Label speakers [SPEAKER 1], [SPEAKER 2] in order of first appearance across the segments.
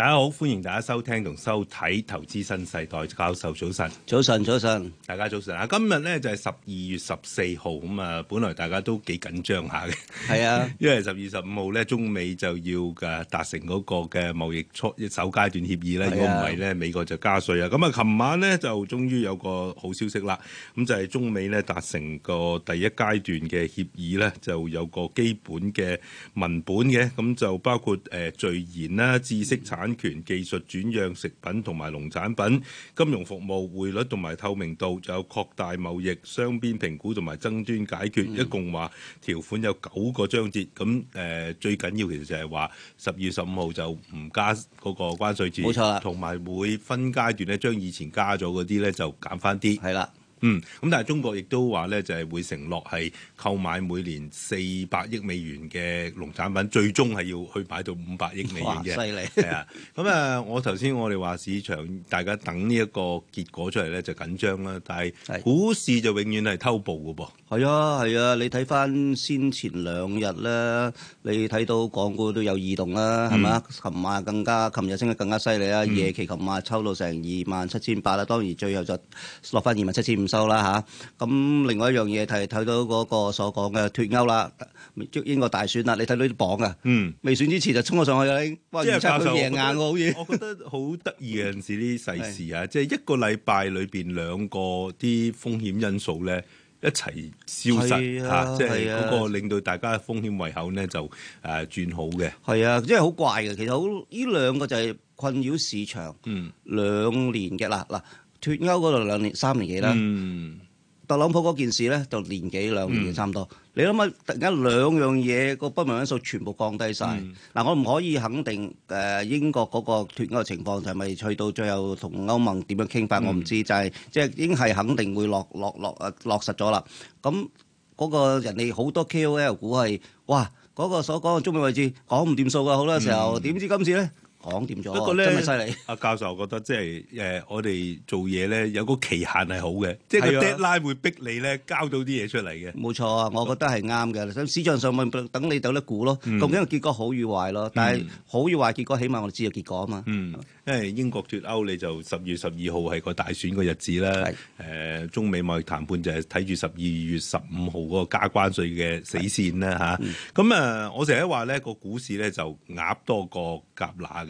[SPEAKER 1] 大家好，歡迎大家收聽同收睇《投資新世代》。教授早晨，早晨，早晨，早晨，大家早晨啊！今日呢，就係十二月十四號咁啊，本來大家都幾緊張下嘅。係啊，因為十二十五號呢，中美就要嘅達成嗰個嘅貿易初首階段協議呢，如果唔係呢，美國就加稅啊。咁啊，琴晚呢，就終於有個好消息啦。咁就係、係、中美呢達成個第一階段嘅協議呢，就有個基本嘅文本嘅。咁就包括誒序言啦、知識產。嗯安全技術轉讓、食品同埋農產品、金融服務、匯率同埋透明度，仲有擴大貿易雙邊評估同埋爭端解決，一共話條款有九個章節。咁誒、呃，最緊要其實就係話十二月十五號就唔加嗰個關稅。節冇錯，同埋每分階段咧，將以前加咗嗰啲咧就減翻啲。係啦。嗯，咁但係中國亦都話咧，就係、是、會承諾係購買每年四百億美元嘅農產品，最終係要去買到五百億美元嘅。哇！犀利。係啊，咁 啊，我頭先我哋話市場大家等呢一個結果出嚟咧，就緊張啦。但係股市就永遠係偷步㗎噃。
[SPEAKER 2] 係啊，係啊，你睇翻先前兩日咧，你睇到港股都有異動啦，係咪、嗯？琴晚更加，琴日升得更加犀利啊。夜期琴晚抽到成二萬七千八啦，當然最後就落翻二萬七千五，收啦嚇，咁另外一樣嘢睇，睇到嗰個所講嘅脱歐啦，英、英國大選啦，你睇到啲榜啊，未
[SPEAKER 1] 選之前就衝咗上去啦，哇，佢贏硬喎，好似我覺得好得意嘅陣時，啲世事啊，即係一個禮拜裏邊兩個啲風險因素咧一齊消失嚇，即係嗰個令到大家風險胃口咧就誒轉好嘅。
[SPEAKER 2] 係啊，即係好怪嘅，其實好呢兩個就係困擾市場兩年嘅啦嗱。脱歐嗰度兩年三年幾啦，特朗普嗰件事咧就年幾兩年差唔多。你諗下，突然間兩樣嘢個不明因素全部降低曬。嗱，我唔可以肯定誒英國嗰個脱歐嘅情況係咪去到最後同歐盟點樣傾翻，我唔知。就係即係已經係肯定會落落落落實咗啦。咁嗰個人哋好多 KOL 股係哇，嗰個所講嘅中美位置講唔掂數㗎，好多時候點知今次咧？
[SPEAKER 1] 講掂咗，不過咧真係犀利。阿教授我覺得即係誒，我哋做嘢咧有個期限係好嘅，即係 deadline
[SPEAKER 2] 會逼你咧交到啲嘢出嚟嘅。冇錯，我覺得係啱嘅。咁市場上咪等你到啲估咯，究竟個結果好與壞咯？但係好與壞結果，起碼我哋知道結果啊嘛。嗯，
[SPEAKER 1] 因為英國脱歐，你就十月十二號係個大選個日子啦。誒，中美貿易談判就係睇住十二月十五號嗰個加關稅嘅死線啦嚇。咁啊，我成日話咧個股市咧就鴨多過甲乸。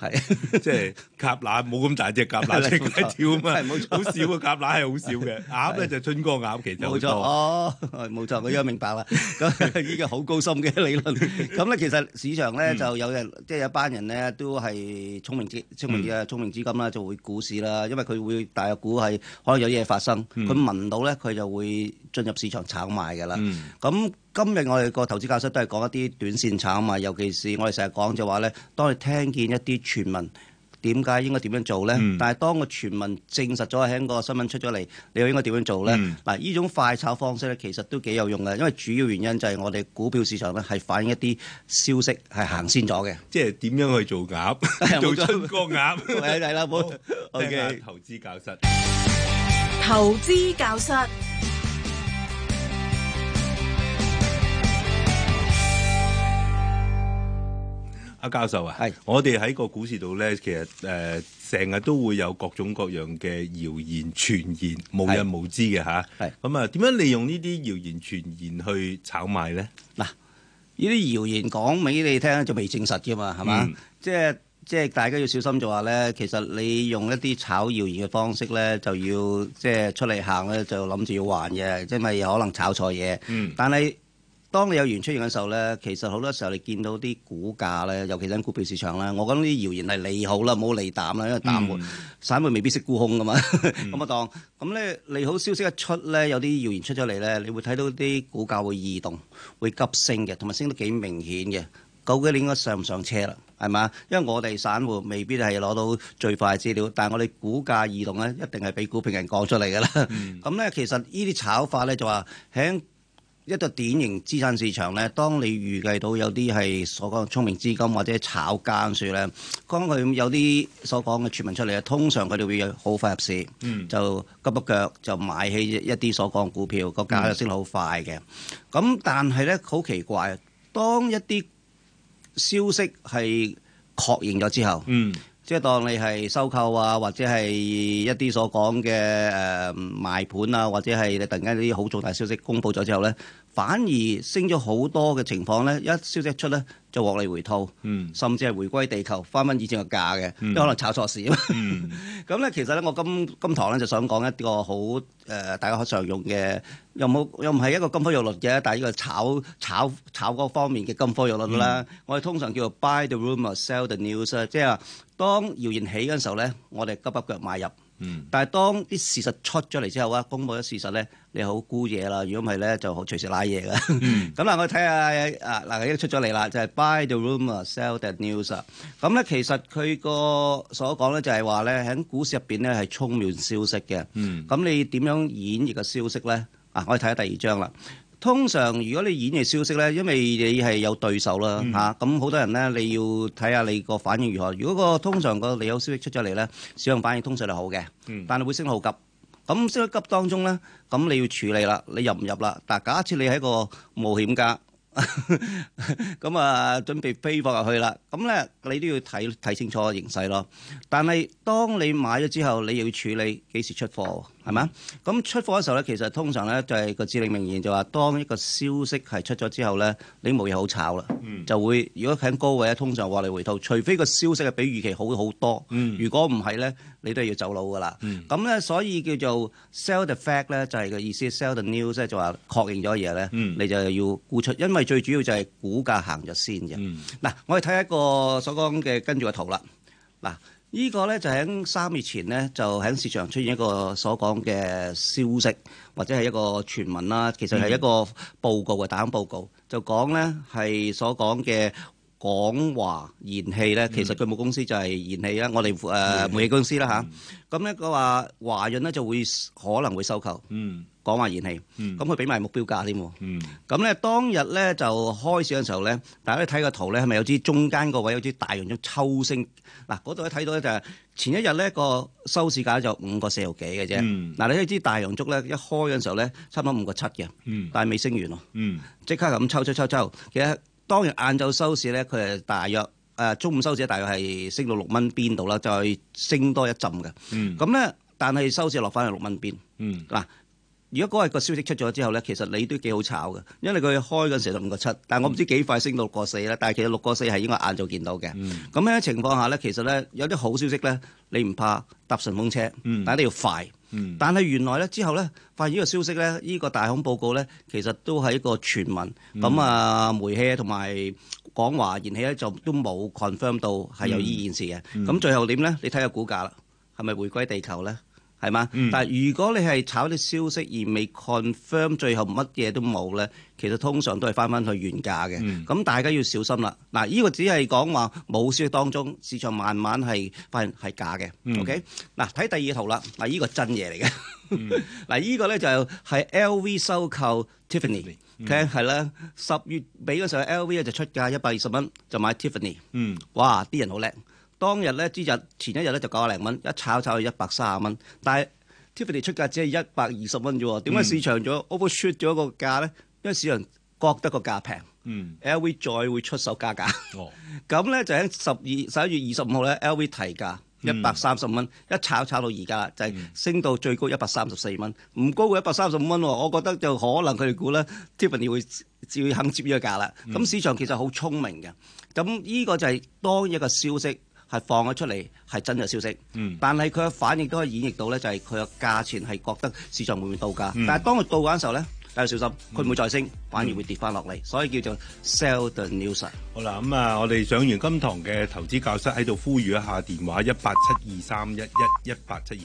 [SPEAKER 1] 係，即係鴿乸冇咁大隻鴿乸，隻雞跳啊嘛，係冇好少啊，鴿乸係好少嘅，鴨咧就春江鴨，其實冇錯
[SPEAKER 2] 哦，冇錯，我依家明白啦。咁依個好高深嘅理論，咁咧其實市場咧就有人，即係有班人咧都係聰明資聰明啲啊，聰明資金啦就會股市啦，因為佢會大約估係可能有嘢發生，佢聞到咧佢就會進入市場炒賣㗎啦。咁今日我哋個投資教室都係講一啲短線炒賣，尤其是我哋成日講就話咧，當你聽見一啲。傳聞點解應該點樣做咧？但係當個傳聞證實咗，喺個新聞出咗嚟，你又應該點樣做咧？嗱，呢種快炒方式咧，其實都幾有用嘅，因為主要原因就係我哋股票市場咧係反映一啲消息係行
[SPEAKER 1] 先咗嘅，即係點樣去做鴨，做春哥鴨，係啦，好，O K，投資教室，
[SPEAKER 2] 投資教室。
[SPEAKER 1] 阿教授啊，係是我哋喺個股市度咧，其實誒成日都會有各種各樣嘅謠言傳言，無人無知嘅吓。係咁啊，點樣利用呢啲謠言傳言去炒賣咧？嗱，呢啲謠言講俾你聽就未
[SPEAKER 2] 證實嘅嘛，係嘛、嗯？即係即係大家要小心就話咧，其實你用一啲炒謠言嘅方式咧，就要即係出嚟行咧，就諗住要還嘅，即係咪可能炒錯嘢？嗯，但係。當你有緣出現嘅時候咧，其實好多時候你見到啲股價咧，尤其是喺股票市場咧，我覺得啲謠言係利好啦，冇利淡啦，因為散戶、散戶、嗯、未必識沽空噶嘛，咁啊當咁咧，利 好消息一出咧，有啲謠言出咗嚟咧，你會睇到啲股價會移動，會急升嘅，同埋升得幾明顯嘅。究竟你應該上唔上車啦，係嘛？因為我哋散戶未必係攞到最快資料，但係我哋股價移動咧一定係俾股評人講出嚟㗎啦。咁咧、嗯， 其實呢啲炒法咧就話喺。一個典型資產市場咧，當你預計到有啲係所講嘅聰明資金或者炒家輸呢，當佢有啲所講嘅傳聞出嚟咧，通常佢哋會好快入市，嗯、就急急腳就買起一啲所講嘅股票，個價又升得好快嘅。咁、嗯、但係呢，好奇怪，當一啲消息係確認咗之後。嗯即係當你係收購啊，或者係一啲所講嘅誒賣盤啊，或者係你突然間啲好重大消息公布咗之後咧。反而升咗好多嘅情況咧，一消息一出咧就獲利回吐，嗯、甚至係回歸地球，翻返以前嘅價嘅，嗯、因為可能炒錯事。啊嘛、嗯。咁咧 其實咧，我今今堂咧就想講一個好誒、呃，大家常用嘅，又冇又唔係一個金科玉律嘅，但係呢個炒炒炒嗰方面嘅金科玉律啦。嗯、我哋通常叫做 buy the rumor, sell the news，即係當謠言起嗰陣時候咧，我哋急急腳買入。嗯，但係當啲事實出咗嚟之後啊，公布咗事實咧，你好孤嘢啦，如果唔係咧就好隨時拉嘢嘅。咁 嗱、嗯， 我哋睇下啊，嗱已經出咗嚟啦，就係、是、Buy the Rumor, Sell the News、 嗯。咁咧、嗯、其實佢個所講咧就係話咧喺股市入邊咧係充滿消息嘅。嗯，咁你點樣演繹個消息咧？啊，我哋睇下第二章啦。通常如果你演嘅消息呢，因為你係有對手啦嚇，咁好、嗯啊、多人呢，你要睇下你個反應如何。如果個通常個利好消息出咗嚟呢，市場反應通常係好嘅、嗯，但係會升得好急。咁升得急當中呢，咁你要處理啦，你入唔入啦？但假設你係一個冒險家，咁 啊準備飛貨入去啦，咁呢，你都要睇睇清楚形勢咯。但係當你買咗之後，你又要處理幾時出貨？係嘛？咁出貨嘅時候咧，其實通常咧就係個至理名言就，就話當一個消息係出咗之後咧，你冇嘢好炒啦，嗯、就會如果喺高位咧，通常話你回吐，除非個消息係比預期好好多。嗯、如果唔係咧，你都係要走佬㗎啦。咁咧、嗯，所以叫做 sell the fact 咧，就係個意思，sell the news 咧，就話確認咗嘢咧，嗯、你就要沽出，因為最主要就係股價行咗先嘅。嗱、嗯，我哋睇一個所講嘅跟住個圖啦，嗱。呢個咧就喺三月前咧，就喺市場出現一個所講嘅消息，或者係一個傳聞啦。其實係一個報告嘅打緊報告，嗯、報告就講咧係所講嘅。港華燃氣咧，其實佢母公司就係燃氣啦，我哋誒煤氣公司啦吓。咁咧，佢話華潤咧就會可能會收購。港華燃氣，咁佢俾埋目標價添。咁咧，當日咧就開市嘅時候咧，大家睇個圖咧，係咪有支中間個位有支大陽燭抽升？嗱，嗰度咧睇到咧就係前一日咧個收市價就五個四毫幾嘅啫。嗱，你呢支大陽燭咧一開嘅時候咧，差唔多五個七嘅，但係未升完咯，即刻咁抽抽抽抽，其實。當日晏晝收市咧，佢係大約誒、呃、中午收市，大約係升到六蚊邊度啦，再升多一陣嘅。咁咧、嗯，但係收市落翻去六蚊邊。嗱、嗯。如果嗰日個消息出咗之後呢，其實你都幾好炒嘅，因為佢開嗰陣時五個七，但係我唔知幾快升到六個四啦。但係其實六個四係應該晏晝見到嘅。咁喺、嗯、情況下呢，其實呢，有啲好消息呢，你唔怕搭順風車，嗯、但係你要快。嗯、但係原來呢，之後呢，發現呢個消息呢，呢、呢個大空報告呢，其實都係一個傳聞。咁、嗯、啊，煤氣同埋港華燃氣呢，就都冇 confirm 到係有呢件事嘅。咁、嗯嗯嗯、最後點呢？你睇下股價啦，係咪回歸地球呢？係嘛？嗯、但係如果你係炒啲消息而未 confirm，最後乜嘢都冇咧，其實通常都係翻翻去原價嘅。咁、嗯、大家要小心啦。嗱、啊，呢、呢個只係講話冇消息當中，市場慢慢係發現係假嘅。嗯、OK，嗱、啊，睇第二圖啦。嗱，呢個真嘢嚟嘅。嗱，呢個咧就係 LV 收購 Tiffany，OK 係啦。十月尾嗰陣，LV 就出價一百二十蚊就買 Tiffany。嗯。哇！啲人好叻。當日咧，之日前一日咧就九零蚊，一炒炒到一百三十蚊。但係 Tiffany 出價只係一百二十蚊啫喎，點解市場咗、嗯、over shoot 咗個價咧？因為市場覺得個價平、嗯、，LV 再會出手加價。咁 咧、嗯哦、就喺十二十一月二十五號咧，LV 提價一百三十蚊，嗯、一炒炒到而家就係、是、升到最高一百三十四蚊，唔高過一百三十五蚊喎。我覺得就可能佢哋估咧，Tiffany 會至會肯接呢個價啦。咁、嗯、市場其實好聰明嘅，咁呢個就係當一個消息。係放咗出嚟係真嘅消息，嗯、但係佢嘅反應都可以演繹到咧，就係佢嘅價錢係覺得市場會唔會到價？嗯、但係當佢到價嘅時候咧，大家小心，佢唔會再升，嗯、反而會跌翻落嚟，所以叫做 sell the news。好
[SPEAKER 1] 啦，咁、嗯、啊，我哋上完金堂嘅投資教室喺度呼籲一下電話一八七二三一一一八七二。